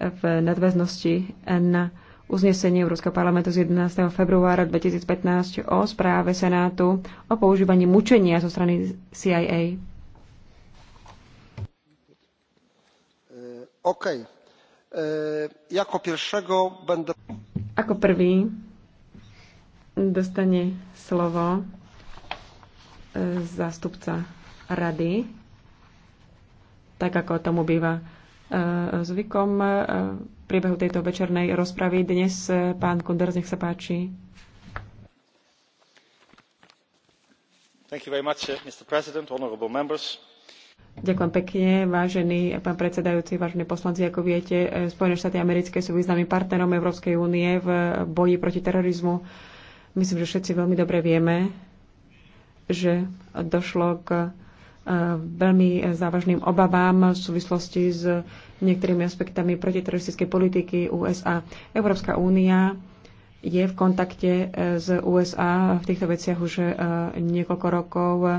v nadväznosti na uznesenie Európskeho parlamentu z 11. februára 2015 o správe Senátu o používaní mučenia zo strany CIA. E, OK. E, ako będę... Ako prvý dostane slovo e, zástupca rady, tak ako tomu býva E, zvykom e, v priebehu tejto večernej rozpravy. Dnes e, pán Kunders, nech sa páči. Much, uh, Ďakujem pekne, vážený pán predsedajúci, vážení poslanci. Ako viete, Spojené štáty americké sú významným partnerom Európskej únie v boji proti terorizmu. Myslím, že všetci veľmi dobre vieme, že došlo k veľmi závažným obavám v súvislosti s niektorými aspektami protiteroristickej politiky USA. Európska únia je v kontakte eh, s USA v týchto veciach už eh, niekoľko rokov eh,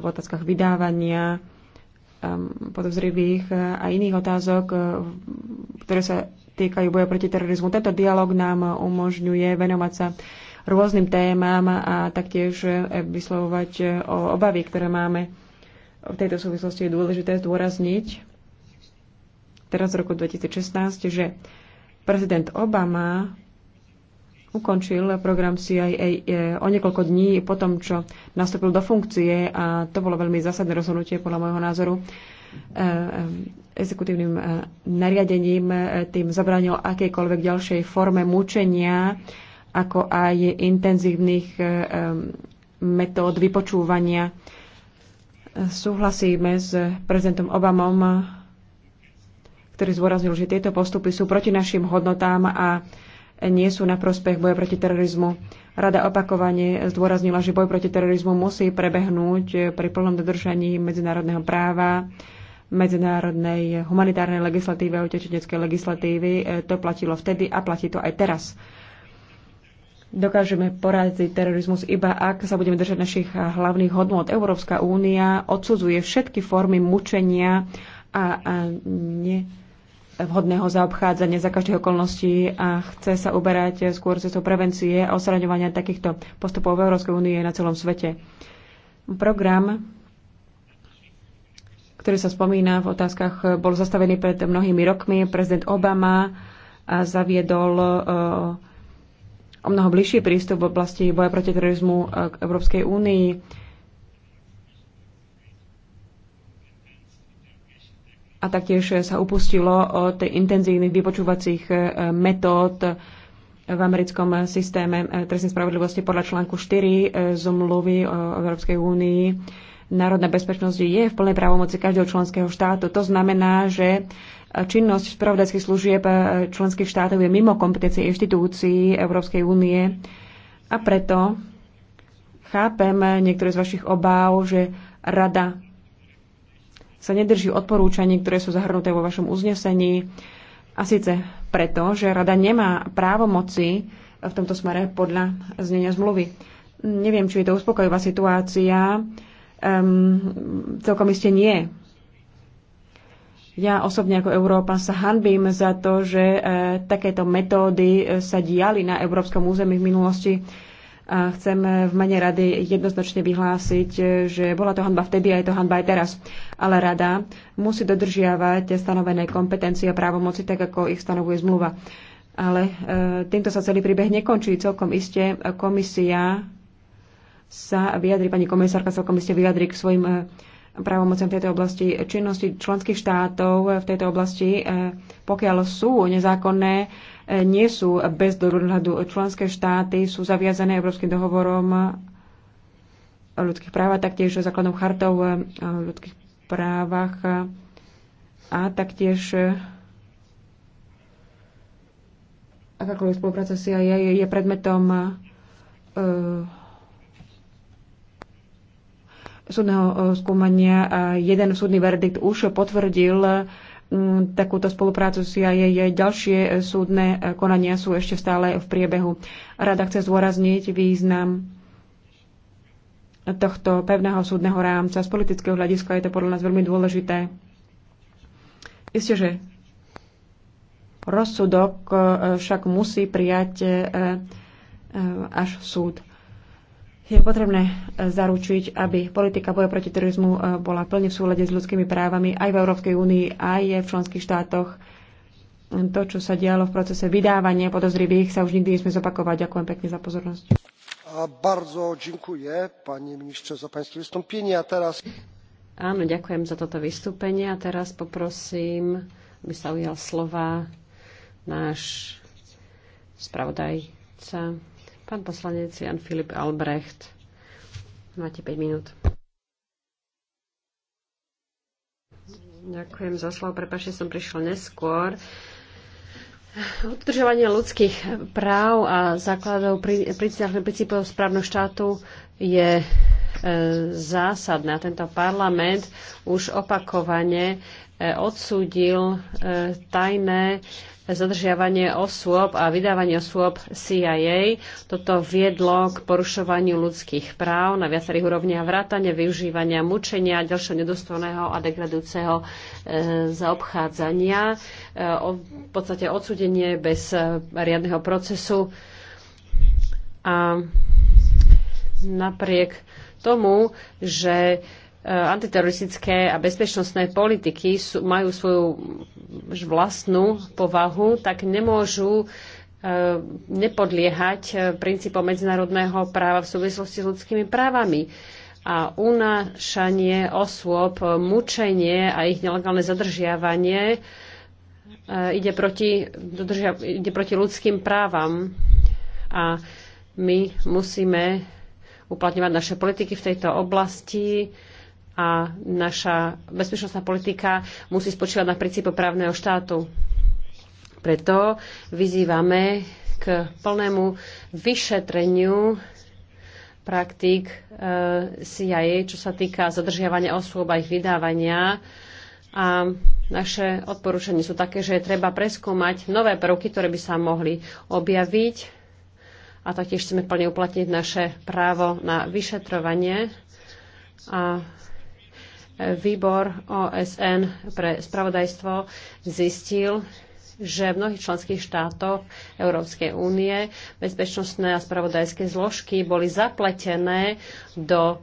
v otázkach vydávania ehm, podozrivých a iných otázok, ktoré sa týkajú boja proti terorizmu. Tento dialog nám umožňuje venovať sa rôznym témam a taktiež vyslovovať o obavy, ktoré máme v tejto súvislosti je dôležité zdôrazniť teraz v roku 2016, že prezident Obama ukončil program CIA e, o niekoľko dní po tom, čo nastúpil do funkcie a to bolo veľmi zásadné rozhodnutie podľa môjho názoru e, e, exekutívnym nariadením tým zabránil akejkoľvek ďalšej forme mučenia, ako aj intenzívnych metód vypočúvania súhlasíme s prezidentom Obamom, ktorý zdôraznil, že tieto postupy sú proti našim hodnotám a nie sú na prospech boja proti terorizmu. Rada opakovane zdôraznila, že boj proti terorizmu musí prebehnúť pri plnom dodržaní medzinárodného práva, medzinárodnej humanitárnej legislatívy a utečeneckej legislatívy. To platilo vtedy a platí to aj teraz. Dokážeme poraziť terorizmus iba ak sa budeme držať našich eh, hlavných hodnot. Európska únia odsudzuje všetky formy mučenia a, a ne, vhodného zaobchádzania za každých okolností a chce sa uberať skôr cestou prevencie a osraňovania takýchto postupov v Európskej únie na celom svete. Program, ktorý sa spomína v otázkach, eh, bol zastavený pred mnohými rokmi. Prezident Obama eh, zaviedol o mnoho bližší prístup v oblasti boja proti terorizmu e, k Európskej únii. A taktiež sa upustilo od intenzívnych vypočúvacích e, metód v americkom systéme e, trestnej spravodlivosti podľa článku 4 zmluvy o Európskej únii národná bezpečnosť je v plnej právomoci každého členského štátu. To znamená, že činnosť spravodajských služieb členských štátov je mimo kompetencie inštitúcií Európskej únie a preto chápem niektoré z vašich obáv, že rada sa nedrží odporúčaní, ktoré sú zahrnuté vo vašom uznesení. A síce preto, že rada nemá právomoci v tomto smere podľa znenia zmluvy. Neviem, či je to uspokojivá situácia Um, celkom iste nie. Ja osobne ako Európa sa hanbím za to, že uh, takéto metódy e, sa diali na európskom území v minulosti. A chcem v mene rady jednoznačne vyhlásiť, e, že bola to hanba vtedy a je to hanba aj teraz. Ale rada musí dodržiavať stanovené kompetencie a právomoci, tak ako ich stanovuje zmluva. Ale e, týmto sa celý príbeh nekončí. Celkom iste komisia sa vyjadri, pani komisárka, celkom ste vyjadri k svojim eh, právomocem v tejto oblasti činnosti členských štátov eh, v tejto oblasti, eh, pokiaľ sú nezákonné, nie sú bez dohľadu. Členské štáty sú zaviazané Európskym dohovorom o ľudských právach, taktiež základnou chartou o ľudských právach a taktiež akákoľvek spolupráca CIA je, je predmetom uh, súdneho eh, skúmania. Jeden súdny verdikt už potvrdil mm, takúto spoluprácu jej Ďalšie eh, súdne eh, konania sú ešte stále v priebehu. Rada chce zdôrazniť význam tohto pevného súdneho rámca. Z politického hľadiska je to podľa nás veľmi dôležité. Isté, že rozsudok však musí prijať až súd je potrebné e, zaručiť, aby politika boja proti terorizmu e, bola plne v súlade s ľudskými právami aj v Európskej únii, aj v členských štátoch. To, čo sa dialo v procese vydávania podozrivých, sa už nikdy nesmie zopakovať. Ďakujem pekne za pozornosť. A bardzo dziękuję, panie ministrze, za pańskie wystąpienie. A teraz... Áno, ďakujem za toto vystúpenie. A teraz poprosím, aby sa ujal slova náš spravodajca. Pán poslanec Jan Filip Albrecht. Máte 5 minút. Ďakujem za slovo. Prepašte, som prišla neskôr. Udržovanie ľudských práv a základov princípov správneho štátu je e, zásadné. A tento parlament už opakovane e, odsúdil e, tajné e, zadržiavanie osôb a vydávanie osôb CIA. Toto viedlo k porušovaniu ľudských práv na viacerých úrovniach vrátane, využívania mučenia a ďalšieho nedostojného a degradujúceho e, zaobchádzania. E, o, v podstate odsudenie bez e, riadneho procesu. A napriek tomu, že e, antiteroristické a bezpečnostné politiky sú, majú svoju vlastnú povahu, tak nemôžu e, nepodliehať e, princípom medzinárodného práva v súvislosti s ľudskými právami. A unášanie osôb, mučenie a ich nelegálne zadržiavanie e, ide proti, dodržia, ide proti ľudským právam. A my musíme uplatňovať naše politiky v tejto oblasti a naša bezpečnostná politika musí spočívať na princípe právneho štátu. Preto vyzývame k plnému vyšetreniu praktík eh, CIA, čo sa týka zadržiavania osôb a ich vydávania. A naše odporúčania sú také, že je treba preskúmať nové prvky, ktoré by sa mohli objaviť. A taktiež chceme plne uplatniť naše právo na vyšetrovanie. A Výbor OSN pre spravodajstvo zistil, že v mnohých členských štátoch Európskej únie bezpečnostné a spravodajské zložky boli zapletené do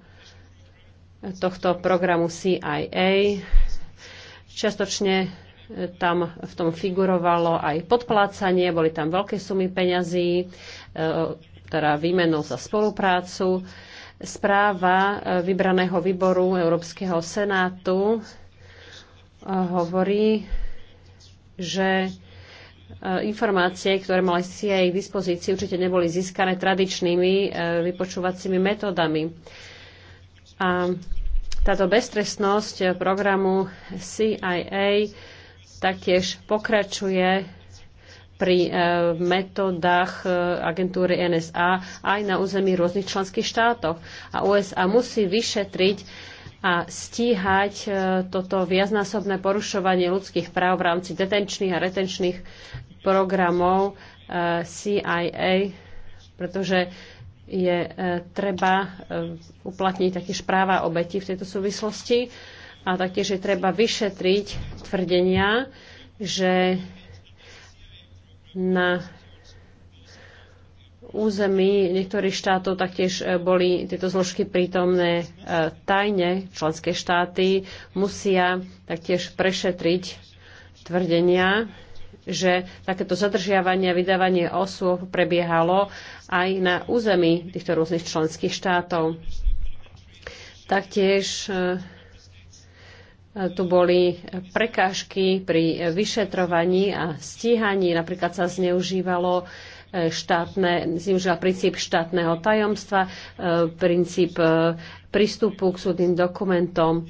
tohto programu CIA. Čiastočne tam v tom figurovalo aj podplácanie, boli tam veľké sumy peňazí, e, teda výmenou za spoluprácu. Správa e, vybraného výboru Európskeho senátu e, hovorí, že e, informácie, ktoré mali CIA k dispozícii, určite neboli získané tradičnými vypočúvacími metódami. A táto beztrestnosť programu CIA taktiež pokračuje pri e, metodách e, agentúry NSA aj na území rôznych členských štátoch. A USA musí vyšetriť a stíhať e, toto viacnásobné porušovanie ľudských práv v rámci detenčných a retenčných programov CIA, pretože je treba uplatniť takéž práva obeti v tejto súvislosti a taktiež je treba vyšetriť tvrdenia, že na území niektorých štátov taktiež e, boli tieto zložky prítomné e, tajne. Členské štáty musia taktiež prešetriť tvrdenia, že takéto zadržiavanie a vydávanie osôb prebiehalo aj na území týchto rôznych členských štátov. Taktiež e, tu boli prekážky pri vyšetrovaní a stíhaní. Napríklad sa zneužívalo e, štátne, zneužíva princíp štátneho tajomstva, e, princíp e, prístupu k súdnym dokumentom.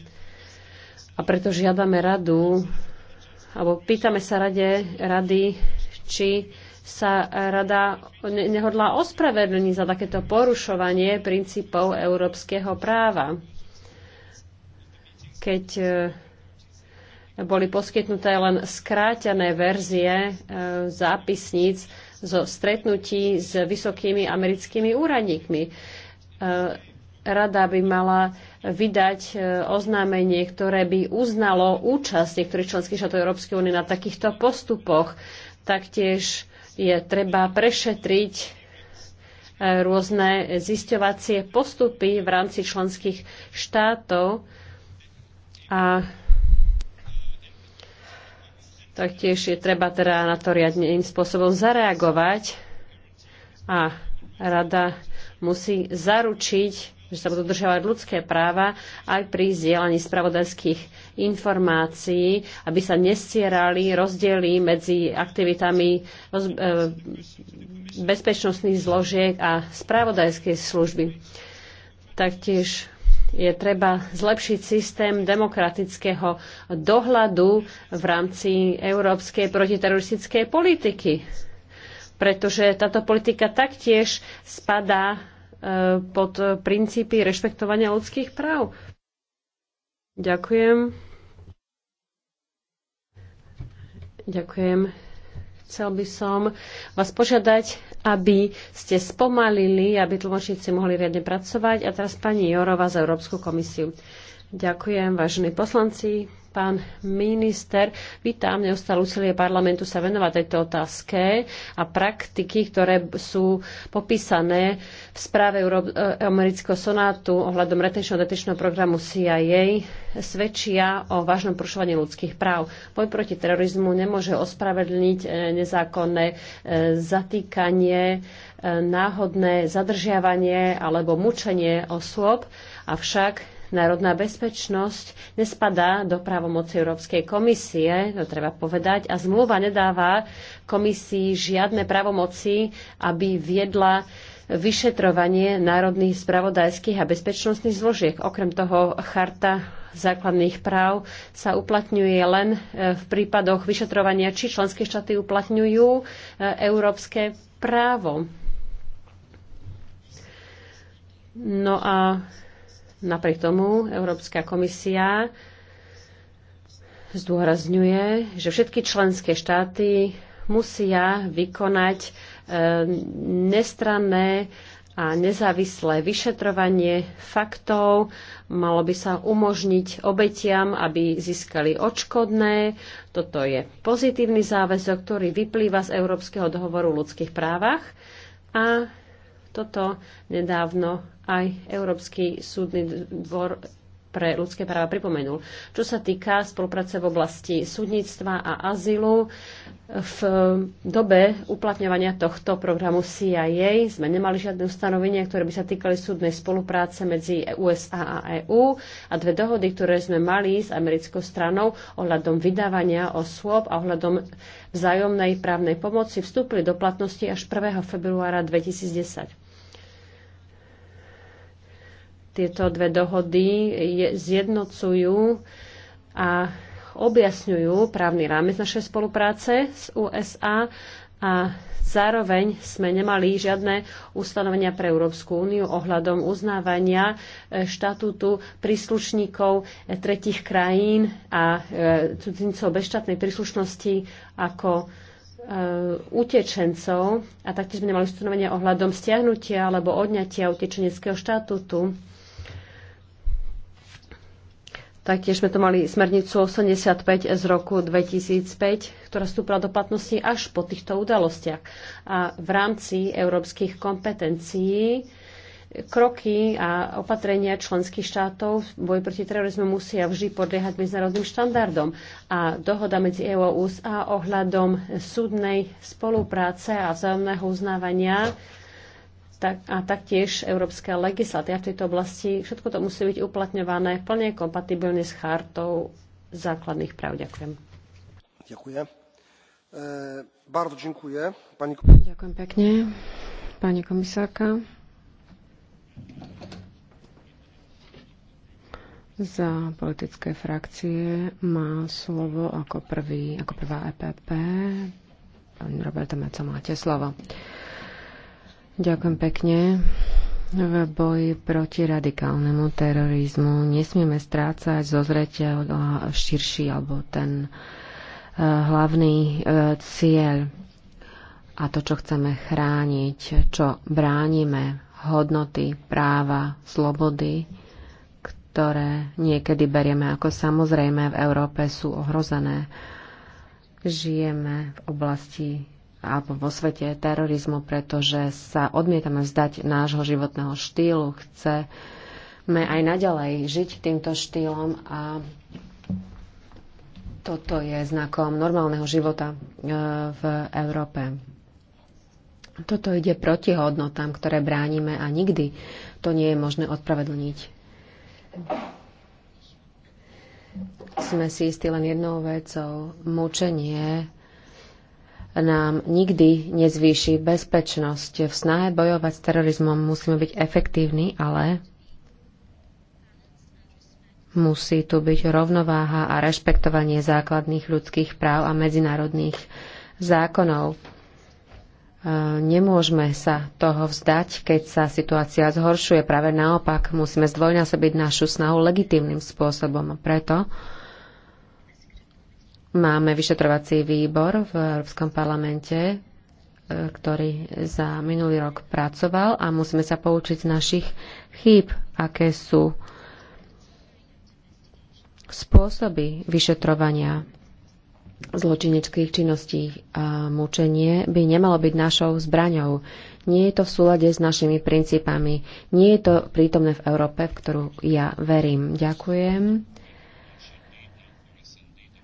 A preto žiadame radu, alebo pýtame sa rade, rady, či sa rada nehodlá ospravedlniť za takéto porušovanie princípov európskeho práva keď e, boli poskytnuté len skrátené verzie e, zápisníc zo stretnutí s vysokými americkými úradníkmi. E, rada by mala vydať oznámenie, ktoré by uznalo účasť niektorých členských štátov Európskej únie na takýchto postupoch. Taktiež je treba prešetriť rôzne zisťovacie postupy v rámci členských štátov, a taktiež je treba teda na to riadným spôsobom zareagovať a rada musí zaručiť, že sa budú dodržiavať ľudské práva aj pri zdieľaní spravodajských informácií, aby sa nestierali rozdiely medzi aktivitami e, bezpečnostných zložiek a spravodajskej služby. Taktiež je treba zlepšiť systém demokratického dohľadu v rámci európskej protiteroristickej politiky. Pretože táto politika taktiež spadá e, pod princípy rešpektovania ľudských práv. Ďakujem. Ďakujem. Chcel by som vás požiadať, aby ste spomalili, aby tlmočníci mohli riadne pracovať. A teraz pani Jorova za Európsku komisiu. Ďakujem, vážení poslanci. Pán minister, vítam neustále úsilie parlamentu sa venovať tejto otázke a praktiky, ktoré sú popísané v správe e, amerického sonátu ohľadom retenčného detenčného programu CIA, svedčia o vážnom porušovaní ľudských práv. Boj proti terorizmu nemôže ospravedlniť e, nezákonné e, zatýkanie, náhodné zadržiavanie alebo mučenie osôb, avšak Národná bezpečnosť nespadá do právomoci Európskej komisie, to treba povedať, a zmluva nedáva komisii žiadne právomoci, aby viedla vyšetrovanie národných spravodajských a bezpečnostných zložiek. Okrem toho, charta základných práv sa uplatňuje len e, v prípadoch vyšetrovania, či členské štáty uplatňujú e, európske právo. No a Napriek tomu Európska komisia zdôrazňuje, že všetky členské štáty musia vykonať e, nestranné a nezávislé vyšetrovanie faktov. Malo by sa umožniť obetiam, aby získali odškodné. Toto je pozitívny záväzok, ktorý vyplýva z Európskeho dohovoru o ľudských právach. A toto nedávno aj Európsky súdny dvor pre ľudské práva pripomenul. Čo sa týka spolupráce v oblasti súdnictva a azylu, v dobe uplatňovania tohto programu CIA sme nemali žiadne ustanovenia, ktoré by sa týkali súdnej spolupráce medzi USA a EÚ a dve dohody, ktoré sme mali s americkou stranou ohľadom vydávania osôb a ohľadom vzájomnej právnej pomoci vstúpili do platnosti až 1. februára 2010. Tieto dve dohody je, zjednocujú a objasňujú právny rámec našej spolupráce s USA a zároveň sme nemali žiadne ustanovenia pre Európsku úniu ohľadom uznávania e, štatútu príslušníkov e, tretich krajín a e, cudzincov bezštátnej príslušnosti ako utečencov a taktiež sme nemali ustanovenia ohľadom stiahnutia alebo odňatia utečeneckého štatútu. Taktiež sme to mali smernicu 85 z roku 2005, ktorá vstúpila do platnosti až po týchto udalostiach. A v rámci európskych kompetencií kroky a opatrenia členských štátov v boji proti terorizmu musia vždy podliehať medzinárodným štandardom. A dohoda medzi EU a USA ohľadom súdnej spolupráce a vzájomného uznávania tak, a taktiež európska legislatíva v tejto oblasti. Všetko to musí byť uplatňované plne kompatibilne s chartou základných práv. Ďakujem. Ďakujem. E, bardzo dziękuję. Pani... Ďakujem pekne. Pani komisárka. Za politické frakcie má slovo ako, prvý, ako prvá EPP. Pani Roberta Meco, máte slovo. Ďakujem pekne. V boji proti radikálnemu terorizmu nesmieme strácať zo zreteľa širší alebo ten e, hlavný e, cieľ a to, čo chceme chrániť, čo bránime, hodnoty, práva, slobody, ktoré niekedy berieme ako samozrejme v Európe, sú ohrozené. Žijeme v oblasti alebo vo svete terorizmu, pretože sa odmietame vzdať nášho životného štýlu. Chceme aj naďalej žiť týmto štýlom a toto je znakom normálneho života e, v Európe. Toto ide proti hodnotám, ktoré bránime a nikdy to nie je možné odpravedlniť. Sme si istí len jednou vecou. Mučenie nám nikdy nezvýši bezpečnosť. V snahe bojovať s terorizmom musíme byť efektívni, ale musí tu byť rovnováha a rešpektovanie základných ľudských práv a medzinárodných zákonov. E, nemôžeme sa toho vzdať, keď sa situácia zhoršuje. Práve naopak, musíme zdvojnásobiť našu snahu legitímnym spôsobom. Preto Máme vyšetrovací výbor v Európskom parlamente, e, ktorý za minulý rok pracoval a musíme sa poučiť z našich chýb, aké sú spôsoby vyšetrovania zločineckých činností a mučenie by nemalo byť našou zbraňou. Nie je to v súlade s našimi princípami. Nie je to prítomné v Európe, v ktorú ja verím. Ďakujem.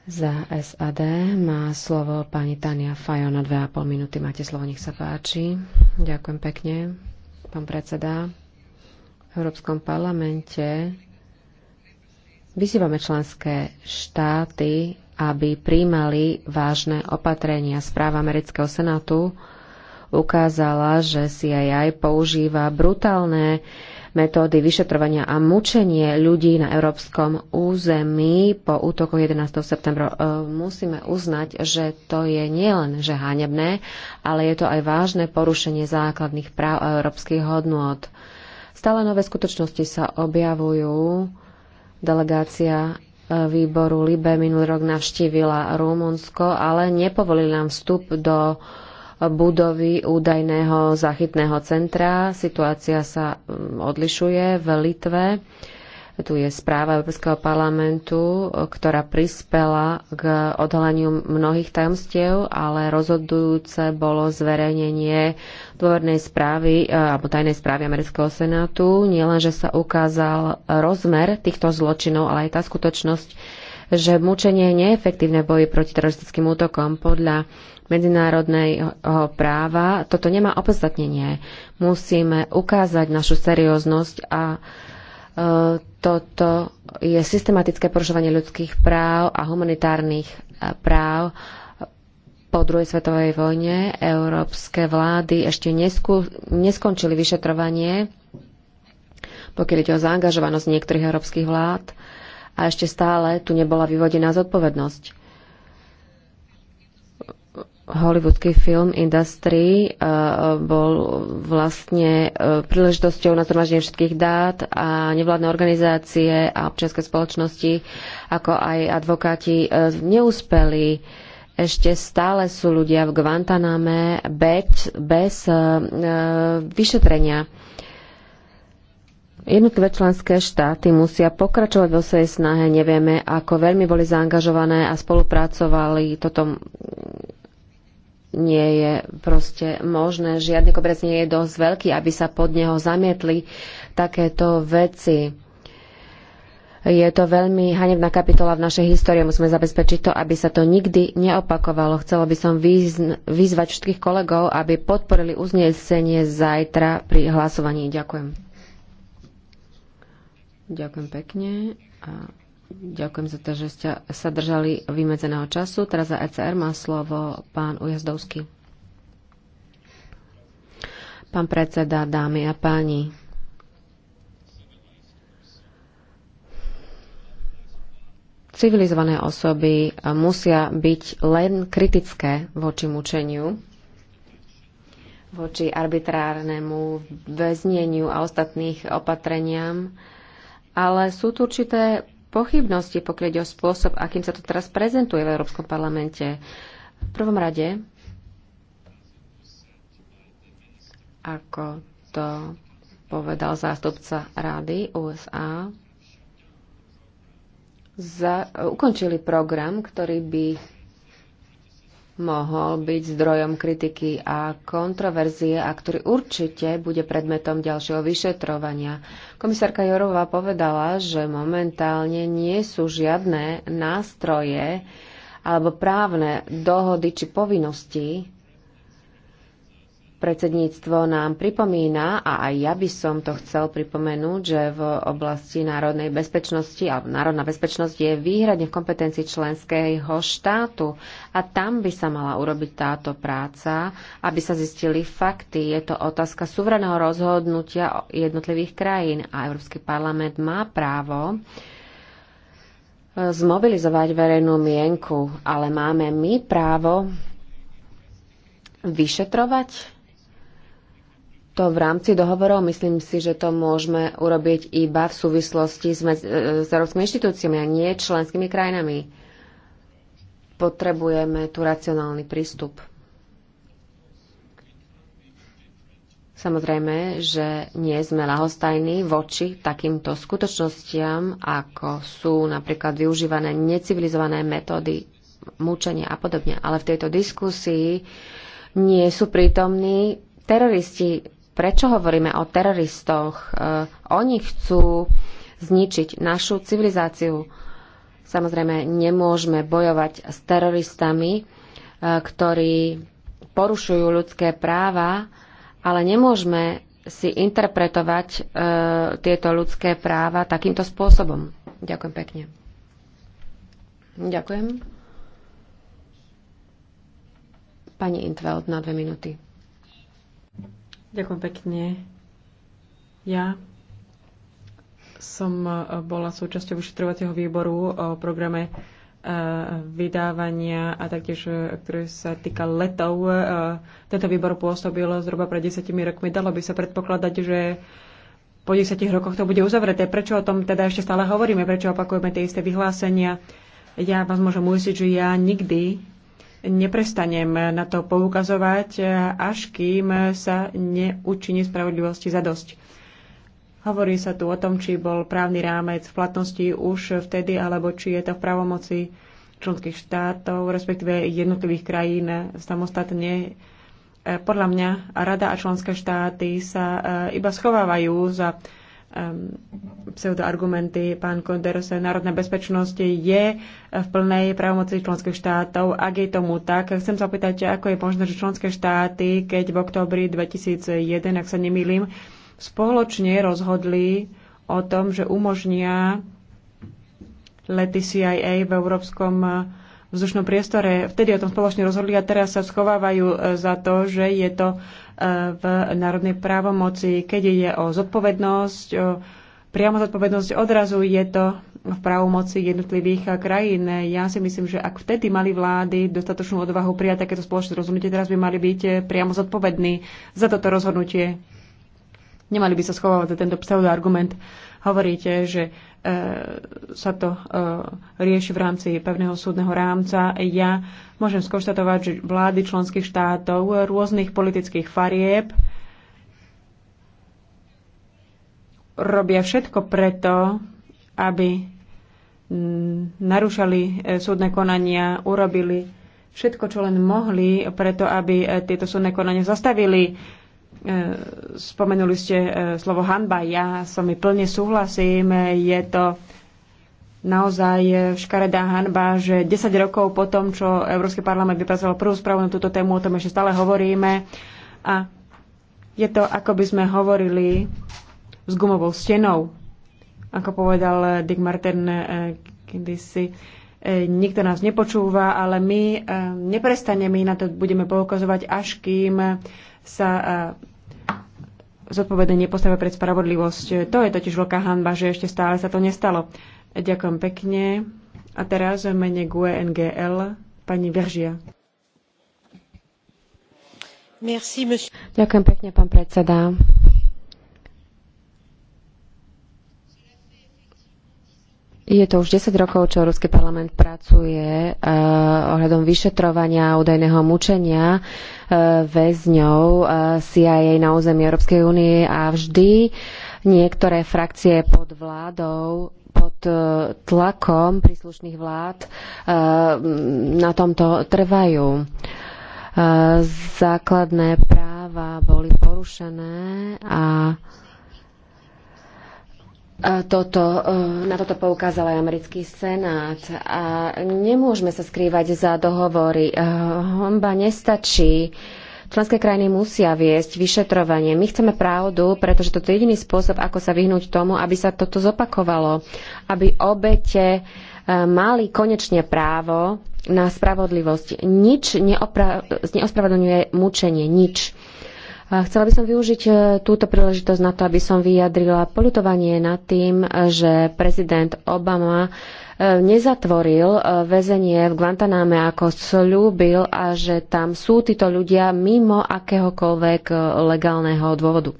Za SAD má slovo pani Tania Fajo na 2,5 minúty. Máte slovo, nech sa páči. Ďakujem pekne, pán predseda. V Európskom parlamente vyzývame členské štáty, aby príjmali vážne opatrenia. Správa amerického senátu ukázala, že CIA používa brutálne metódy vyšetrovania a mučenie ľudí na európskom území po útoku 11. septembra. E, musíme uznať, že to je nielen že hanebné, ale je to aj vážne porušenie základných práv a európskych hodnôt. Stále nové skutočnosti sa objavujú. Delegácia e, výboru Libe minulý rok navštívila Rumunsko, ale nepovolili nám vstup do budovy údajného záchytného centra. Situácia sa mm, odlišuje v Litve. Tu je správa Európskeho parlamentu, ktorá prispela k odhaleniu mnohých tajomstiev, ale rozhodujúce bolo zverejnenie dôvernej správy e, alebo tajnej správy Amerického senátu. Nielenže sa ukázal rozmer týchto zločinov, ale aj tá skutočnosť, že mučenie je neefektívne boji proti teroristickým útokom. Podľa medzinárodného práva toto nemá opodstatnenie. Musíme ukázať našu serióznosť a e, toto je systematické porušovanie ľudských práv a humanitárnych e, práv. Po druhej svetovej vojne európske vlády ešte nesku, neskončili vyšetrovanie, pokiaľ ide o zaangažovanosť niektorých európskych vlád a ešte stále tu nebola vyvodená zodpovednosť. Hollywoodský film Industry e, bol vlastne e, príležitosťou na zhromaždenie všetkých dát a nevládne organizácie a občianske spoločnosti, ako aj advokáti, e, neúspeli ešte stále sú ľudia v Guantaname bez, bez vyšetrenia. Jednotlivé členské štáty musia pokračovať vo svojej snahe. Nevieme, ako veľmi boli zaangažované a spolupracovali. Toto nie je proste možné. Žiadny koberec nie je dosť veľký, aby sa pod neho zamietli takéto veci. Je to veľmi hanebná kapitola v našej histórii. Musíme zabezpečiť to, aby sa to nikdy neopakovalo. Chcela by som vyzvať všetkých kolegov, aby podporili uznesenie zajtra pri hlasovaní. Ďakujem. Ďakujem pekne a ďakujem za to, že ste sa držali vymedzeného času. Teraz za ECR má slovo pán Ujazdovský. Pán predseda, dámy a páni. Civilizované osoby musia byť len kritické voči mučeniu, voči arbitrárnemu väzneniu a ostatných opatreniam, ale sú tu určité pochybnosti, pokiaľ ide o spôsob, akým sa to teraz prezentuje v Európskom parlamente. V prvom rade, ako to povedal zástupca Rady USA, za, ukončili program, ktorý by mohol byť zdrojom kritiky a kontroverzie a ktorý určite bude predmetom ďalšieho vyšetrovania. Komisárka Jorová povedala, že momentálne nie sú žiadne nástroje alebo právne dohody či povinnosti, Predsedníctvo nám pripomína, a aj ja by som to chcel pripomenúť, že v oblasti národnej bezpečnosti, alebo národná bezpečnosť je výhradne v kompetencii členského štátu a tam by sa mala urobiť táto práca, aby sa zistili fakty. Je to otázka suvereného rozhodnutia jednotlivých krajín a Európsky parlament má právo eh, zmobilizovať verejnú mienku, ale máme my právo vyšetrovať to v rámci dohovorov. Myslím si, že to môžeme urobiť iba v súvislosti s, medz- e, s európskymi inštitúciami a nie členskými krajinami. Potrebujeme tu racionálny prístup. Samozrejme, že nie sme lahostajní voči takýmto skutočnostiam, ako sú napríklad využívané necivilizované metódy mučenia a podobne. Ale v tejto diskusii nie sú prítomní teroristi, Prečo hovoríme o teroristoch? E, oni chcú zničiť našu civilizáciu. Samozrejme, nemôžeme bojovať s teroristami, e, ktorí porušujú ľudské práva, ale nemôžeme si interpretovať e, tieto ľudské práva takýmto spôsobom. Ďakujem pekne. Ďakujem. Pani Intveld na dve minúty. Ďakujem pekne. Ja som e, bola súčasťou vyšetrovacieho výboru o programe e, vydávania a taktiež, e, ktoré sa týka letov. Tento výbor pôsobil zhruba pred desiatimi rokmi. Dalo by sa predpokladať, že po desiatich rokoch to bude uzavreté. Prečo o tom teda ešte stále hovoríme? Prečo opakujeme tie isté vyhlásenia? Ja vás môžem uistiť, že ja nikdy neprestanem na to poukazovať, až kým sa neučiní spravodlivosti za dosť. Hovorí sa tu o tom, či bol právny rámec v platnosti už vtedy, alebo či je to v pravomoci členských štátov, respektíve jednotlivých krajín samostatne. Podľa mňa Rada a členské štáty sa e, iba schovávajú za pseudoargumenty. Pán Konderos, národná bezpečnosť je v plnej právomoci členských štátov. Ak je tomu tak, chcem sa opýtať, ako je možné, že členské štáty, keď v oktobri 2001, ak sa nemýlim, spoločne rozhodli o tom, že umožnia lety CIA v európskom vzdušnom priestore. Vtedy o tom spoločne rozhodli a teraz sa schovávajú e, za to, že je to e, v národnej právomoci. Keď je o zodpovednosť, o priamo zodpovednosť odrazu je to v právomoci jednotlivých e, krajín. Ja si myslím, že ak vtedy mali vlády dostatočnú odvahu prijať takéto spoločné rozhodnutie, teraz by mali byť priamo zodpovední za toto rozhodnutie. Nemali by sa schovávať za tento pseudoargument. Hovoríte, že E, sa to e, rieši v rámci pevného súdneho rámca. Ja môžem skonštatovať, že vlády členských štátov e, rôznych politických farieb robia všetko preto, aby narúšali súdne konania, urobili všetko, čo len mohli, preto aby tieto súdne konania zastavili. E, spomenuli ste e, slovo hanba. Ja s vami plne súhlasím. Je to naozaj škaredá hanba, že 10 rokov po tom, čo Európsky parlament vypracoval prvú správu na túto tému, o tom ešte stále hovoríme. A je to, ako by sme hovorili s gumovou stenou. Ako povedal Dick Martin e, kedysi, E, nikto nás nepočúva, ale my e, neprestaneme, na to budeme poukazovať, až kým sa e, zodpovedne nepostavia pred spravodlivosť. To je totiž veľká hanba, že ešte stále sa to nestalo. Ďakujem pekne. A teraz v mene GUE NGL pani Veržia. Merci, Ďakujem pekne, pán predseda. Je to už 10 rokov, čo Ruský parlament pracuje uh, ohľadom vyšetrovania údajného mučenia uh, väzňov uh, eh, CIA na území Európskej únie a vždy niektoré frakcie pod vládou pod tlakom príslušných vlád na tomto trvajú. základné práva boli porušené a toto, e, na toto poukázal aj americký senát a nemôžeme sa skrývať za dohovory. E, Homba nestačí. Členské krajiny musia viesť vyšetrovanie. My chceme pravdu, pretože toto je jediný spôsob, ako sa vyhnúť tomu, aby sa toto zopakovalo. Aby obete e, mali konečne právo na spravodlivosť. Nič neospravedlňuje mučenie. Nič. Chcela by som využiť e, túto príležitosť na to, aby som vyjadrila polutovanie nad tým, že prezident Obama e, nezatvoril e, väzenie v Guantaname, ako slúbil, a že tam sú títo ľudia mimo akéhokoľvek legálneho dôvodu.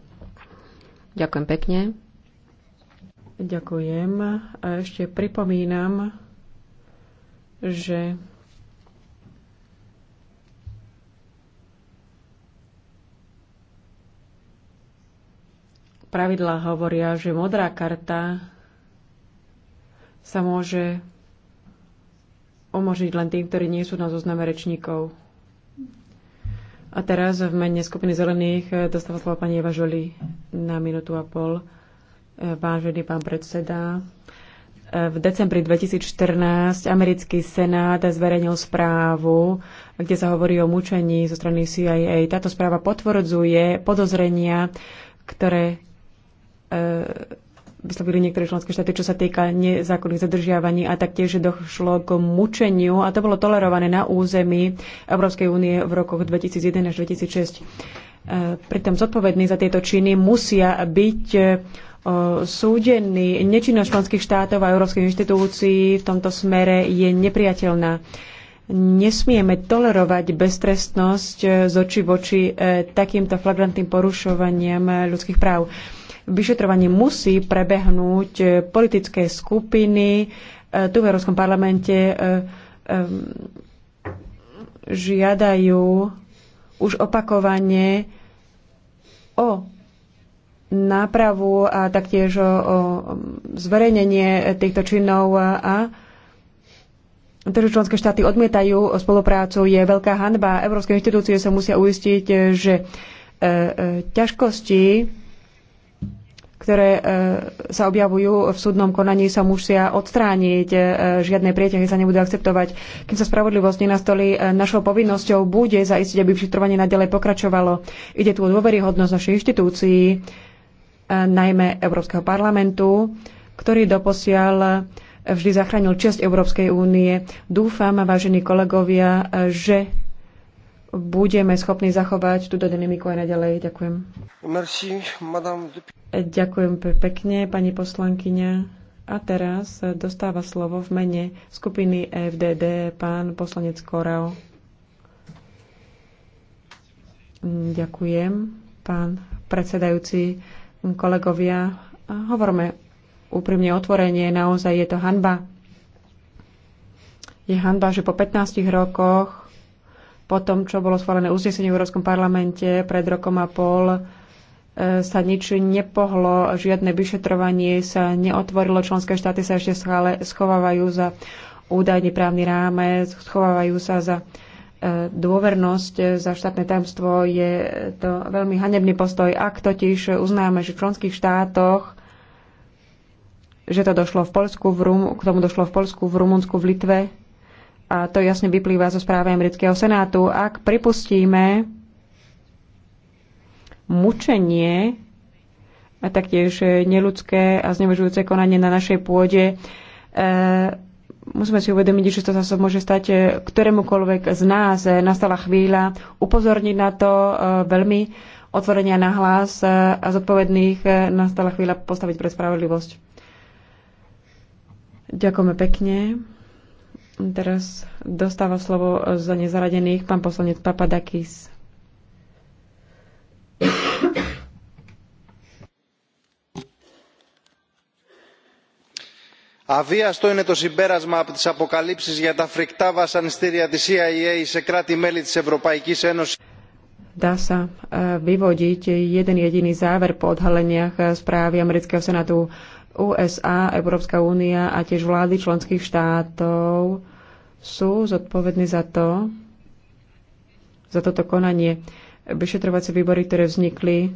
Ďakujem pekne. Ďakujem. A ešte pripomínam, že pravidlá hovoria, že modrá karta sa môže umožniť len tým, ktorí nie sú na zozname rečníkov. A teraz v mene skupiny zelených dostáva slovo pani Eva Žoli na minútu a pol. Vážený pán predseda, v decembri 2014 americký senát zverejnil správu, kde sa hovorí o mučení zo strany CIA. Táto správa potvrdzuje podozrenia, ktoré vyslovili e, niektoré členské štáty, čo sa týka nezákonných zadržiavaní a taktiež došlo k mučeniu a to bolo tolerované na území Európskej únie v rokoch 2001 až 2006. E, pritom zodpovední za tieto činy musia byť e, súdení. Nečinnosť členských štátov a európskych inštitúcií v tomto smere je nepriateľná. Nesmieme tolerovať beztrestnosť z očí voči takýmto flagrantným porušovaniam ľudských práv vyšetrovanie musí prebehnúť e, politické skupiny. E, tu v Európskom parlamente e, žiadajú už opakovane o nápravu a taktiež o, zverejnenie týchto činov a to, že členské štáty odmietajú spoluprácu, je veľká hanba. Európske inštitúcie sa musia uistiť, že ťažkosti ktoré e, sa objavujú v súdnom konaní, sa musia odstrániť, e, žiadne prieťahy sa nebudú akceptovať. Kým sa spravodlivosť nenastolí, e, našou povinnosťou bude zaistiť, aby vyšetrovanie nadalej pokračovalo. Ide tu o dôveryhodnosť našich inštitúcií, najmä Európskeho parlamentu, ktorý doposiaľ vždy zachránil časť Európskej únie. Dúfam, vážení kolegovia, že budeme schopní zachovať túto dynamiku aj naďalej. Ďakujem. Merci, madame. Ďakujem pekne, pani poslankyňa. A teraz dostáva slovo v mene skupiny FDD pán poslanec Korau. Ďakujem, pán predsedajúci, kolegovia. Hovorme úprimne otvorenie, naozaj je to hanba. Je hanba, že po 15 rokoch po tom, čo bolo schválené uznesenie v Európskom parlamente pred rokom a pol, e, sa nič nepohlo, žiadne vyšetrovanie sa neotvorilo, členské štáty sa ešte schovávajú za údajný právny rámec, schovávajú sa za e, dôvernosť za štátne tajomstvo je to veľmi hanebný postoj. Ak totiž uznáme, že v členských štátoch že to došlo v Polsku, v Rum, k tomu došlo v Polsku, v Rumunsku, v Litve, a to jasne vyplýva zo správy amerického senátu, ak pripustíme mučenie a taktiež neludské a znevažujúce konanie na našej pôde, e, musíme si uvedomiť, že to sa môže stať e, ktorémukoľvek z nás. E, nastala chvíľa upozorniť na to e, veľmi otvorenia na hlas e, a zodpovedných e, nastala chvíľa postaviť pre spravodlivosť. Ďakujeme pekne. Teraz dostáva slovo za nezaradených pán poslanec Papadakis. Αβίαστο είναι το συμπέρασμα από τις αποκαλύψεις για τα φρικτά βασανιστήρια της CIA σε κράτη-μέλη της Ευρωπαϊκής Ένωσης. Dá sa vyvodiť jeden jediný záver po odhaleniach správy amerického senátu USA, Európska únia a tiež vlády členských štátov sú zodpovední za to, za toto konanie. Vyšetrovacie výbory, ktoré vznikli,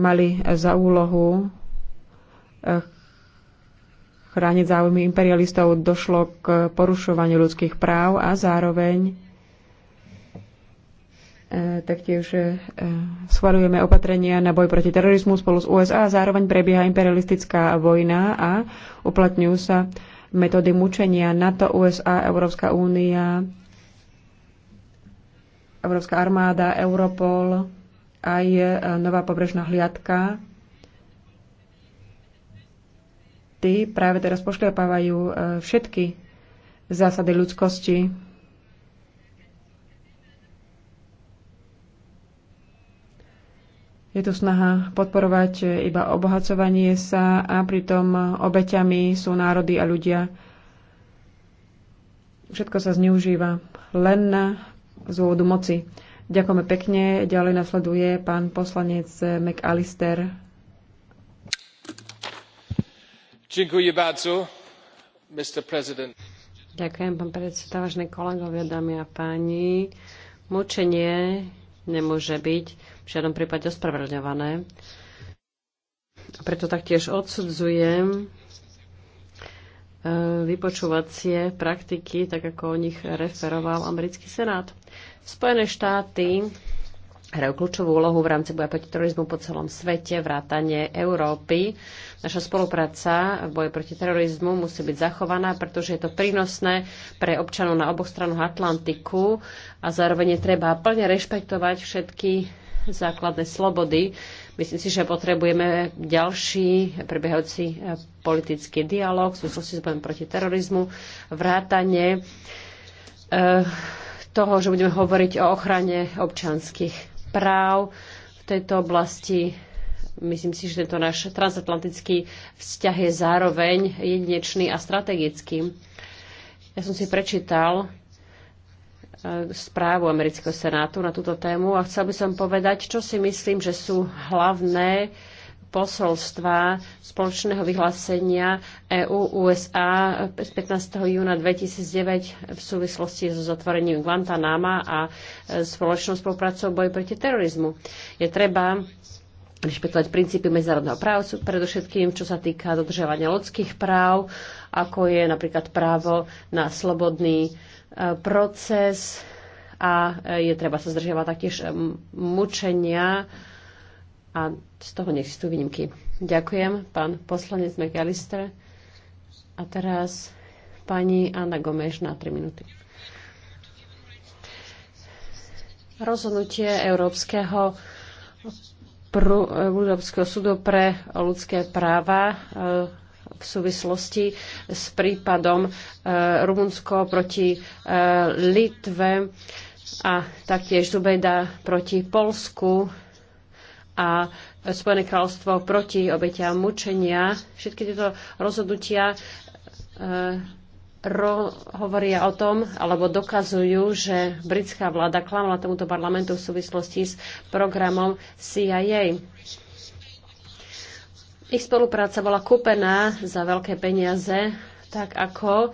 mali za úlohu eh, chrániť záujmy imperialistov, došlo k porušovaniu ľudských práv a zároveň E, taktiež e, schvaľujeme opatrenia na boj proti terorizmu spolu s USA a zároveň prebieha imperialistická vojna a uplatňujú sa metódy mučenia NATO, USA, Európska únia, Európska armáda, Europol, aj e, nová pobrežná hliadka. Tí práve teraz pošľapávajú všetky zásady ľudskosti, Je tu snaha podporovať e, iba obohacovanie sa a pritom obeťami sú národy a ľudia. Všetko sa zneužíva len z dôvodu moci. Ďakujeme pekne. Ďalej nasleduje pán poslanec McAllister. Ďakujem bardzo, Mr. President. Ďakujem, pán predseda, vážne kolegovia, dámy a páni. Mučenie nemôže byť v žiadnom prípade ospravedlňované. A preto taktiež odsudzujem e, vypočúvacie praktiky, tak ako o nich referoval americký senát. Spojené štáty hrajú kľúčovú úlohu v rámci boja proti terorizmu po celom svete, vrátane Európy. Naša spolupráca v boji proti terorizmu musí byť zachovaná, pretože je to prínosné pre občanov na oboch stranách Atlantiku a zároveň je treba plne rešpektovať všetky základné slobody. Myslím si, že potrebujeme ďalší prebiehajúci eh, politický dialog v súvislosti s bojom proti terorizmu, vrátanie e, eh, toho, že budeme hovoriť o ochrane občanských práv v tejto oblasti. Myslím si, že tento náš transatlantický vzťah je zároveň jedinečný a strategický. Ja som si prečítal e, správu amerického senátu na túto tému a chcel by som povedať, čo si myslím, že sú hlavné uh, posolstva spoločného vyhlásenia EU-USA z 15. júna 2009 v súvislosti so zatvorením Guantanama a spoločnou spoluprácou boji proti terorizmu. Je treba rešpektovať princípy medzinárodného práva, predovšetkým čo sa týka dodržiavania ľudských práv, ako je napríklad právo na slobodný e, proces a e, je treba sa zdržiavať taktiež mučenia a z toho sú výnimky. Ďakujem, pán poslanec McAllister. A teraz pani Anna Gomeš na 3 minúty. Rozhodnutie Európskeho prú, Európskeho súdu pre ľudské práva e, v súvislosti s prípadom e, Rumunsko proti e, Litve a taktiež Zubejda proti Polsku a Spojené kráľovstvo proti obetiam mučenia. Všetky tieto rozhodnutia eh, ro- hovoria o tom, alebo dokazujú, že britská vláda klamala tomuto parlamentu v súvislosti s programom CIA. Ich spolupráca bola kúpená za veľké peniaze, tak ako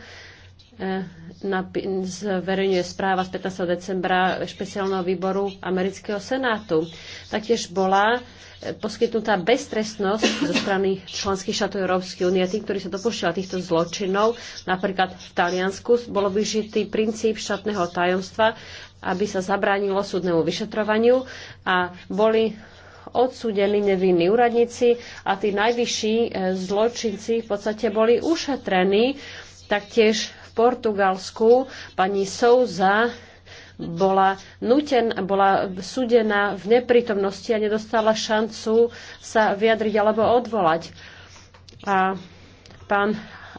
eh, zverejňuje správa z 15. decembra špeciálneho výboru amerického senátu. Taktiež bola eh, poskytnutá beztrestnosť zo strany členských štátov Európskej únie tých, ktorí sa dopúšťali týchto zločinov. Napríklad v Taliansku bolo vyžitý princíp štátneho tajomstva, aby sa zabránilo súdnemu vyšetrovaniu a boli odsúdení nevinní úradníci a tí najvyšší eh, zločinci v podstate boli ušetrení. Taktiež Portugalsku pani Souza bola, nuten, bola súdená v neprítomnosti a nedostala šancu sa vyjadriť alebo odvolať. A pán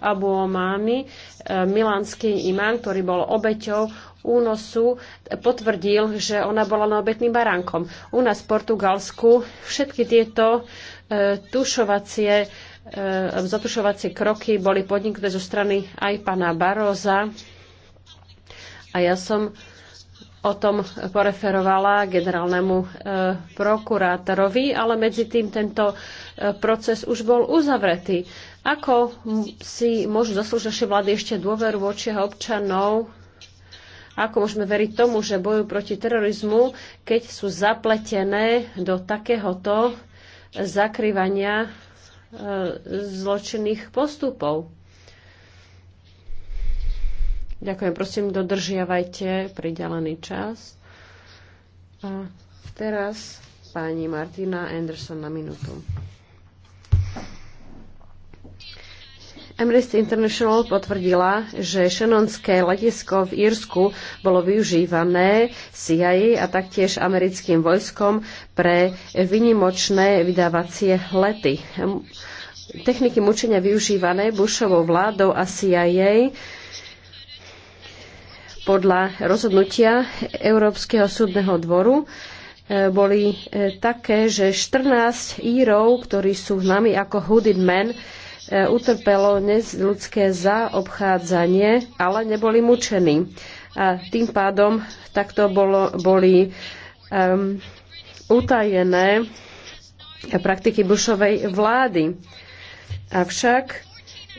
Abu Omami, e, milánsky imán, ktorý bol obeťou únosu, potvrdil, že ona bola na obetným baránkom. U nás v Portugalsku všetky tieto e, tušovacie Ehm, zatušovacie kroky boli podniknuté zo strany aj pána Baróza. A ja som o tom poreferovala generálnemu ehm, prokurátorovi, ale medzi tým tento ehm, proces už bol uzavretý. Ako si môžu zaslúžiť naše vlády ešte dôveru voči občanov? Ako môžeme veriť tomu, že bojujú proti terorizmu, keď sú zapletené do takéhoto zakrývania E, zločinných postupov. Ďakujem, prosím, dodržiavajte pridelený čas. A teraz pani Martina Anderson na minútu. Amnesty International potvrdila, že šenonské letisko v Írsku bolo využívané CIA a taktiež americkým vojskom pre vynimočné vydávacie lety. Techniky mučenia využívané Bushovou vládou a CIA podľa rozhodnutia Európskeho súdneho dvoru e, boli e, také, že 14 Írov, ktorí sú známi ako Hooded Men, E, utrpelo nezľudské zaobchádzanie, ale neboli mučení. A tým pádom takto bolo, boli um, utajené praktiky Bušovej vlády. Avšak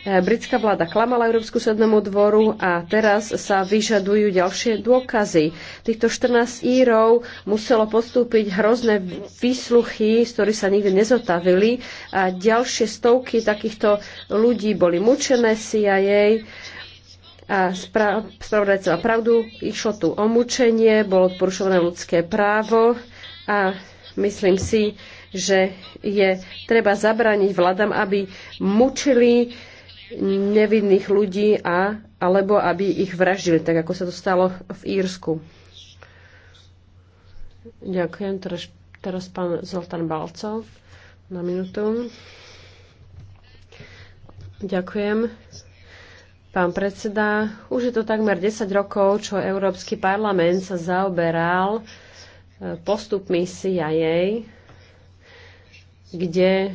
E, britská vláda klamala Európsku súdnemu dvoru a teraz sa vyžadujú ďalšie dôkazy. Týchto 14 írov muselo postúpiť hrozné výsluchy, z ktorých sa nikdy nezotavili a ďalšie stovky takýchto ľudí boli mučené CIA a spra- spravodajca pravdu, išlo tu o mučenie, bolo porušované ľudské právo a myslím si, že je treba zabrániť vládam, aby mučili nevinných ľudí a alebo aby ich vraždili, tak ako sa to stalo v Írsku. Ďakujem. Teraz, teraz pán Zoltán Balco na minútu. Ďakujem. Pán predseda, už je to takmer 10 rokov, čo Európsky parlament sa zaoberal e, postupmi CIA, kde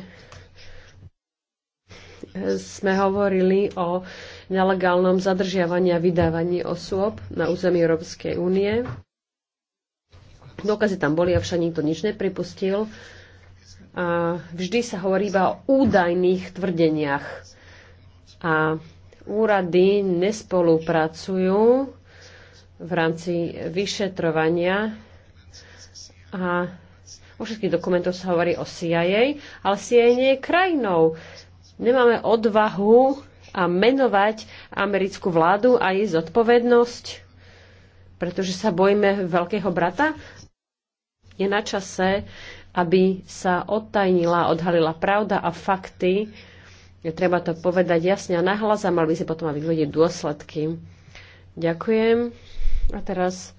sme hovorili o nelegálnom zadržiavaní a vydávaní osôb na území Európskej únie. Dôkazy tam boli, avšak nikto nič nepripustil. A vždy sa hovorí iba o údajných tvrdeniach. A úrady nespolupracujú v rámci vyšetrovania a o všetkých dokumentoch sa hovorí o CIA, ale CIA nie je krajinou nemáme odvahu a menovať americkú vládu a jej zodpovednosť, pretože sa bojíme veľkého brata? Je na čase, aby sa odtajnila, odhalila pravda a fakty. Je treba to povedať jasne a nahlas a mali by si potom aj vyvodiť dôsledky. Ďakujem. A teraz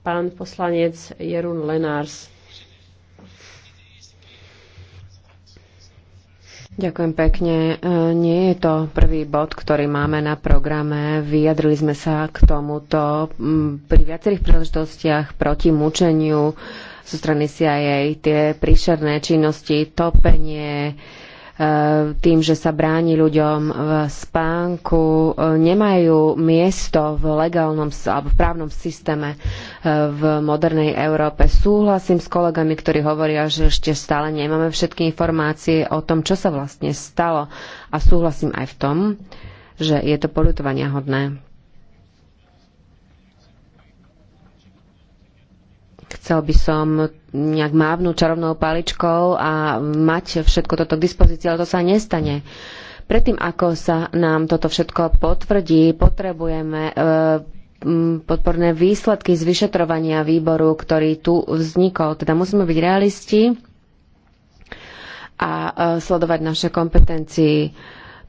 pán poslanec Jerun Lenárs. Ďakujem pekne. E, nie je to prvý bod, ktorý máme na programe. Vyjadrili sme sa k tomuto pri viacerých príležitostiach proti mučeniu zo strany CIA, tie príšerné činnosti, topenie, E, tým, že sa bráni ľuďom v spánku, e, nemajú miesto v legálnom alebo v právnom systéme e, v modernej Európe. Súhlasím s kolegami, ktorí hovoria, že ešte stále nemáme všetky informácie o tom, čo sa vlastne stalo. A súhlasím aj v tom, že je to poľutovaniahodné. hodné Chcel by som nejak mávnuť čarovnou paličkou a mať všetko toto k dispozícii, ale to sa nestane. Predtým, ako sa nám toto všetko potvrdí, potrebujeme e, podporné výsledky z vyšetrovania výboru, ktorý tu vznikol. Teda musíme byť realisti a e, sledovať naše kompetencie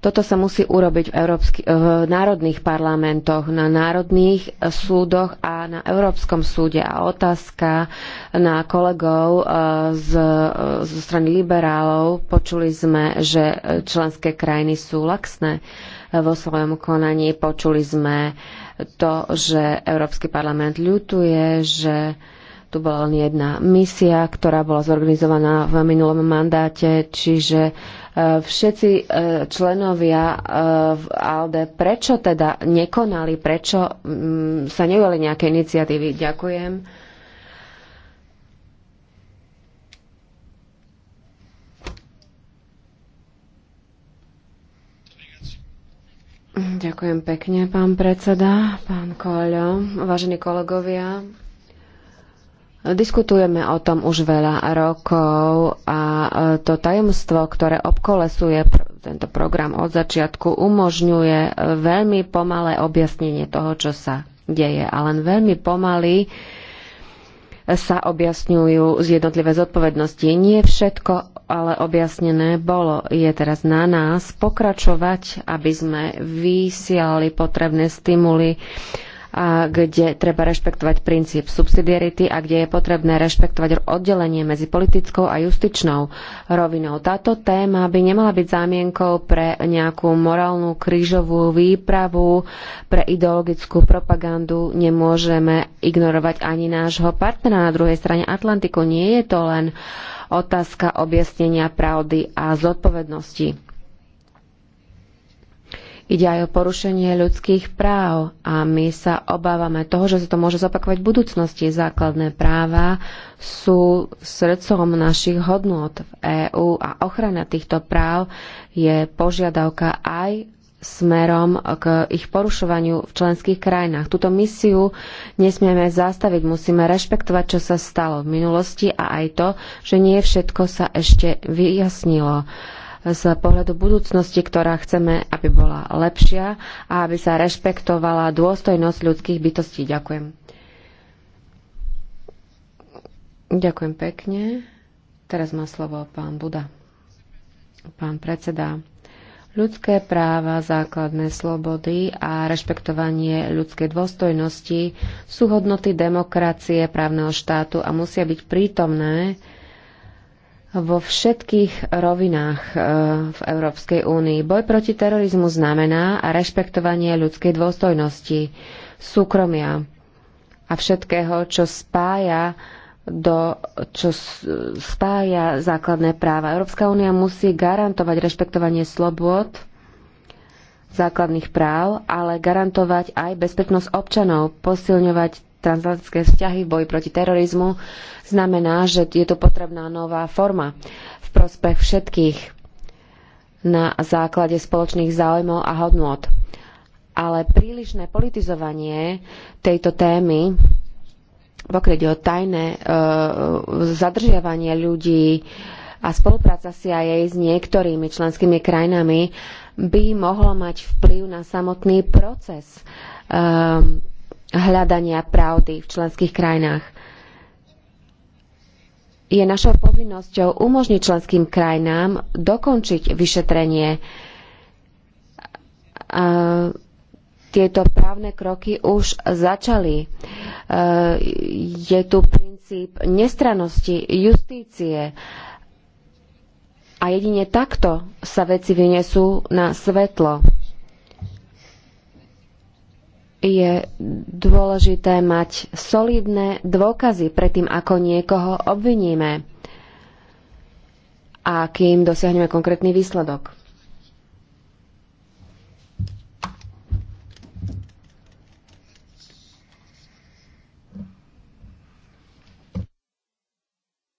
toto sa musí urobiť v, európsky, eh, v národných parlamentoch, na národných súdoch a na Európskom súde. A otázka na kolegov eh, z, eh, zo strany liberálov. Počuli sme, že členské krajiny sú laxné vo svojom konaní. Počuli sme to, že Európsky parlament ľutuje, že tu bola len jedna misia, ktorá bola zorganizovaná v minulom mandáte, čiže E, všetci e, členovia e, v ALDE, prečo teda nekonali, prečo mm, sa neujali nejaké iniciatívy? Ďakujem. Ďakujem pekne, pán predseda, pán Koľo, vážení kolegovia. Diskutujeme o tom už veľa rokov a e, to tajomstvo, ktoré obkolesuje tento program od začiatku, umožňuje e, veľmi pomalé objasnenie toho, čo sa deje. A len veľmi pomaly sa objasňujú jednotlivé zodpovednosti. Nie všetko ale objasnené bolo. Je teraz na nás pokračovať, aby sme vysiali potrebné stimuly kde treba rešpektovať princíp subsidiarity a kde je potrebné rešpektovať oddelenie medzi politickou a justičnou rovinou. Táto téma by nemala byť zámienkou pre nejakú morálnu krížovú výpravu, pre ideologickú propagandu. Nemôžeme ignorovať ani nášho partnera na druhej strane Atlantiku. Nie je to len otázka objasnenia pravdy a zodpovednosti Ide aj o porušenie ľudských práv a my sa obávame toho, že sa to môže zopakovať v budúcnosti. Základné práva sú srdcom našich hodnôt v EÚ a ochrana týchto práv je požiadavka aj smerom k ich porušovaniu v členských krajinách. Túto misiu nesmieme zastaviť, musíme rešpektovať, čo sa stalo v minulosti a aj to, že nie všetko sa ešte vyjasnilo z pohľadu budúcnosti, ktorá chceme, aby bola lepšia a aby sa rešpektovala dôstojnosť ľudských bytostí. Ďakujem. Ďakujem pekne. Teraz má slovo pán Buda. Pán predseda. Ľudské práva, základné slobody a rešpektovanie ľudskej dôstojnosti sú hodnoty demokracie, právneho štátu a musia byť prítomné vo všetkých rovinách e, v Európskej únii. Boj proti terorizmu znamená a rešpektovanie ľudskej dôstojnosti, súkromia a všetkého, čo spája do, čo spája základné práva. Európska únia musí garantovať rešpektovanie slobôd, základných práv, ale garantovať aj bezpečnosť občanov, posilňovať transatlantické vzťahy v boji proti terorizmu, znamená, že je tu potrebná nová forma v prospech všetkých na základe spoločných záujmov a hodnôt. Ale prílišné politizovanie tejto témy, pokiaľ ide o tajné e, zadržiavanie ľudí a spolupráca CIA s niektorými členskými krajinami, by mohlo mať vplyv na samotný proces e, hľadania pravdy v členských krajinách. Je našou povinnosťou umožniť členským krajinám dokončiť vyšetrenie. A tieto právne kroky už začali. E, je tu princíp nestranosti justície a jedine takto sa veci vyniesú na svetlo je dôležité mať solidné dôkazy predtým, ako niekoho obviníme a kým dosiahneme konkrétny výsledok.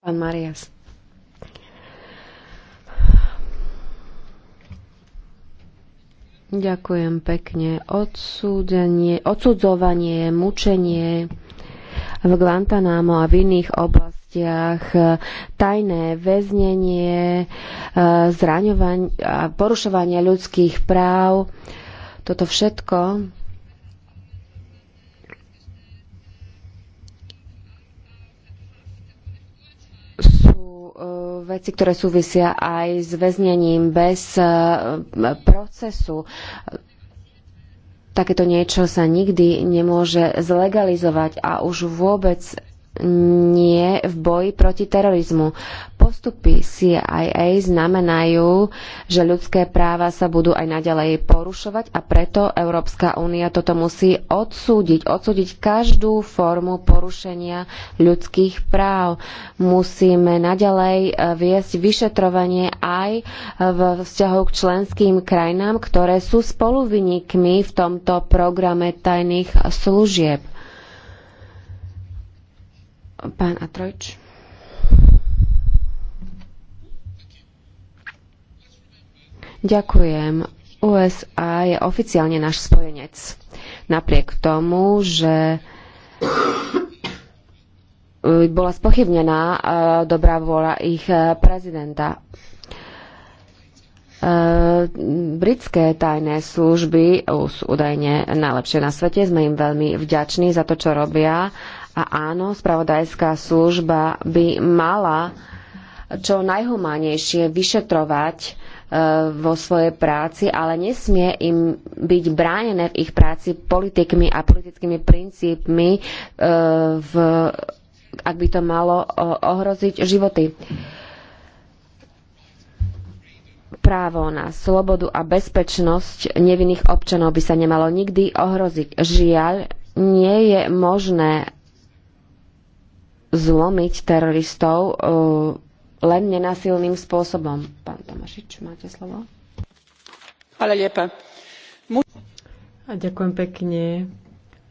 Pán Marias. Ďakujem pekne. Odsúdenie, odsudzovanie, mučenie v Guantanamo a v iných oblastiach, e, tajné väznenie, e, zraňovanie a porušovanie ľudských práv. Toto všetko veci, ktoré súvisia aj s väznením bez eh, procesu. Takéto niečo sa nikdy nemôže zlegalizovať a už vôbec nie v boji proti terorizmu. Postupy CIA znamenajú, že ľudské práva sa budú aj naďalej porušovať a preto Európska únia toto musí odsúdiť. Odsúdiť každú formu porušenia ľudských práv. Musíme naďalej e, viesť vyšetrovanie aj v vzťahu k členským krajinám, ktoré sú spoluviníkmi v tomto programe tajných služieb Pán Atrojč. Ďakujem. USA je oficiálne náš spojenec. Napriek tomu, že eh, bola spochybnená eh, dobrá vôľa ich eh, prezidenta. Britské tajné služby sú údajne najlepšie na svete. Sme im veľmi vďační za to, čo robia a áno, spravodajská služba by mala čo najhumánnejšie vyšetrovať e, vo svojej práci, ale nesmie im byť bránené v ich práci politikmi a politickými princípmi, e, v, ak by to malo ohroziť životy. Právo na slobodu a bezpečnosť nevinných občanov by sa nemalo nikdy ohroziť. Žiaľ, nie je možné zlomiť teroristov e, len nenasilným spôsobom. Pán Tomašič, máte slovo? Ale lepa. Mu- a ďakujem pekne.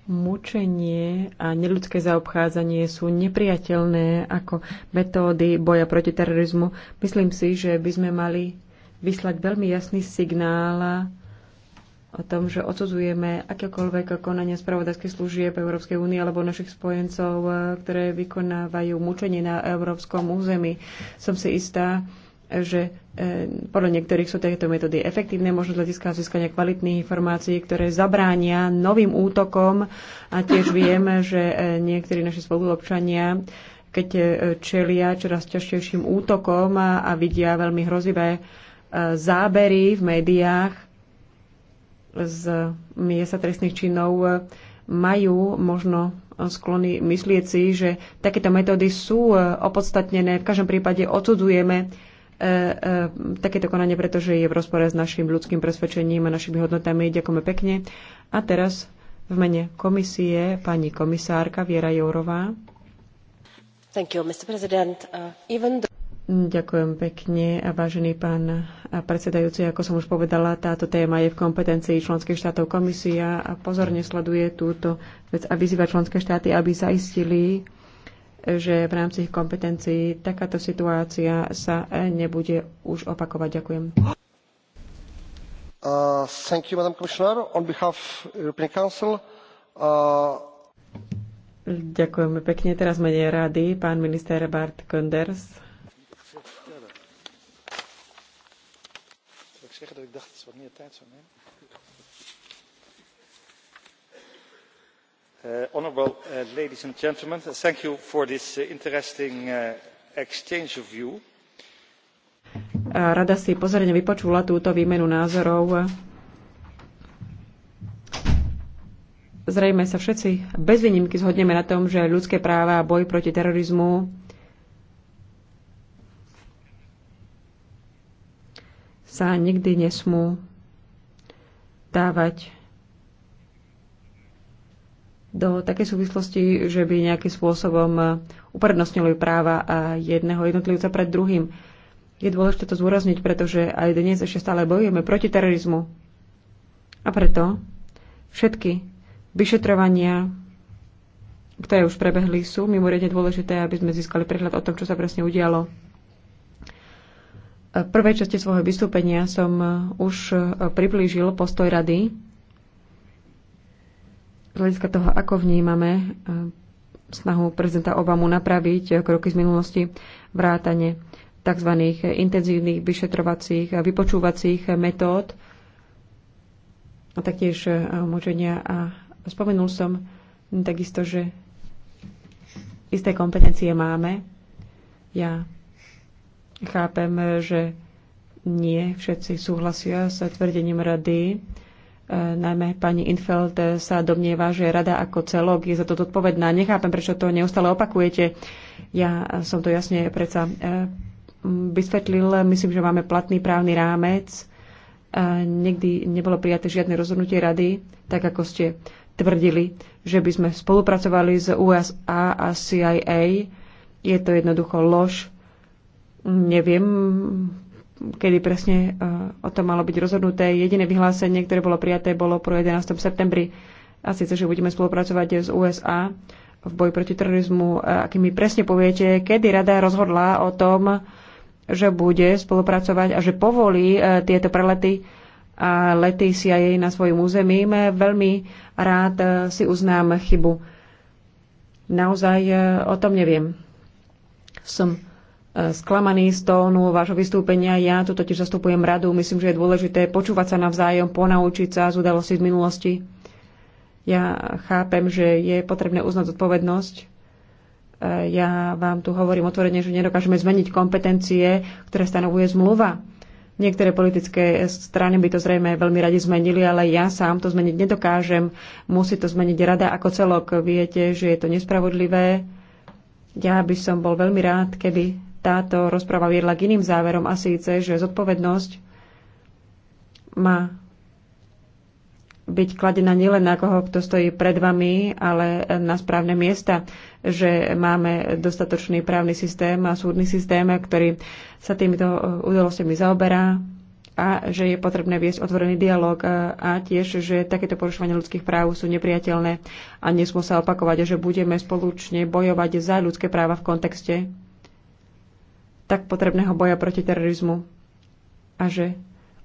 Mučenie a neľudské zaobchádzanie sú nepriateľné ako metódy boja proti terorizmu. Myslím si, že by sme mali vyslať veľmi jasný signál o tom, že odsudzujeme akékoľvek konanie spravodajských služieb Európskej únie alebo našich spojencov, e, ktoré vykonávajú mučenie na európskom území. Som si istá, že e, podľa niektorých sú tieto metódy efektívne, možno z hľadiska získania kvalitných informácií, ktoré zabránia novým útokom. A tiež vieme, že e, niektorí naši spoluobčania keď čelia čoraz ťažšejším útokom a vidia veľmi hrozivé zábery v médiách, z miesta trestných činov e, majú možno sklony myslieť si, že takéto metódy sú e, opodstatnené. V každom prípade odsudzujeme e, takéto konanie, pretože je v rozpore s našim ľudským presvedčením a našimi hodnotami. Ďakujeme pekne. A teraz v mene komisie pani komisárka Viera Jourová. Thank you, Mr. President. Uh, even the... Ďakujem pekne. A vážený pán predsedajúci, ako som už povedala, táto téma je v kompetencii členských štátov komisia a pozorne sleduje túto vec a vyzýva členské štáty, aby zaistili, že v rámci ich kompetencií takáto situácia sa nebude už opakovať. Ďakujem. Uh, thank you, Madam Commissioner. On behalf European Council, uh... Ďakujeme pekne. Teraz menej rady. Pán minister Bart Kunders. that's what tijd that's on Uh, honorable uh, ladies and gentlemen, uh, thank you for this uh, interesting uh, exchange of view. Rada si pozorne vypočula túto výmenu názorov. Zrejme sa všetci bez výnimky zhodneme na tom, že ľudské práva a boj proti terorizmu sa nikdy nesmú dávať do takej súvislosti, že by nejakým spôsobom e, uprednostňovali práva a jedného jednotlivca pred druhým. Je dôležité to zúrazniť, pretože aj dnes ešte stále bojujeme proti terorizmu. A preto všetky vyšetrovania, ktoré už prebehli, sú mimoriadne dôležité, aby sme získali prehľad o tom, čo sa presne udialo. V prvej časti svojho vystúpenia som eh, už eh, priblížil postoj rady z hľadiska toho, ako vnímame eh, snahu prezidenta Obamu napraviť kroky z minulosti vrátane tzv. intenzívnych vyšetrovacích a vypočúvacích metód a taktiež močenia. A spomenul som takisto, že isté kompetencie máme. Ja Chápem, že nie všetci súhlasia s tvrdením rady. E, najmä pani Infeld sa domnieva, že rada ako celok je za to zodpovedná. Nechápem, prečo to neustále opakujete. Ja som to jasne predsa e, vysvetlil. Myslím, že máme platný právny rámec. E, nikdy nebolo prijaté žiadne rozhodnutie rady, tak ako ste tvrdili, že by sme spolupracovali s USA a CIA. Je to jednoducho lož. Neviem, kedy presne e, o tom malo byť rozhodnuté. Jediné vyhlásenie, ktoré bolo prijaté, bolo pro 11. septembri. A síce, že budeme spolupracovať s USA v boji proti terorizmu. keď mi presne poviete, kedy rada rozhodla o tom, že bude spolupracovať a že povolí e, tieto prelety a lety CIA na svojim území, veľmi rád e, si uznám chybu. Naozaj o tom neviem. Som sklamaný z tónu vášho vystúpenia. Ja tu totiž zastupujem radu. Myslím, že je dôležité počúvať sa navzájom, ponaučiť sa z udalostí z minulosti. Ja chápem, že je potrebné uznať zodpovednosť. Ja vám tu hovorím otvorene, že nedokážeme zmeniť kompetencie, ktoré stanovuje zmluva. Niektoré politické strany by to zrejme veľmi radi zmenili, ale ja sám to zmeniť nedokážem. Musí to zmeniť rada ako celok. Viete, že je to nespravodlivé. Ja by som bol veľmi rád, keby táto rozpráva viedla k iným záverom a síce, že zodpovednosť má byť kladená nielen na koho, kto stojí pred vami, ale na správne miesta, že máme dostatočný právny systém a súdny systém, ktorý sa týmito udalostiami zaoberá a že je potrebné viesť otvorený dialog a tiež, že takéto porušovanie ľudských práv sú nepriateľné a nesmú sa opakovať a že budeme spoločne bojovať za ľudské práva v kontexte tak potrebného boja proti terorizmu a že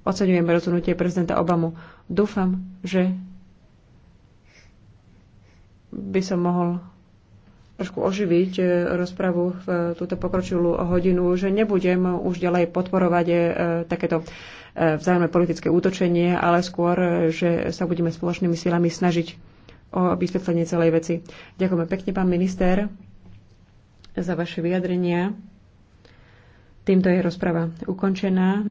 oceňujeme rozhodnutie prezidenta Obamu. Dúfam, že by som mohol trošku oživiť e, rozpravu v túto pokročilú hodinu, že nebudem už ďalej podporovať e, takéto e, vzájomné politické útočenie, ale skôr, že sa budeme spoločnými silami snažiť o vysvetlenie celej veci. Ďakujeme pekne, pán minister, za vaše vyjadrenia. Týmto je rozprava ukončená.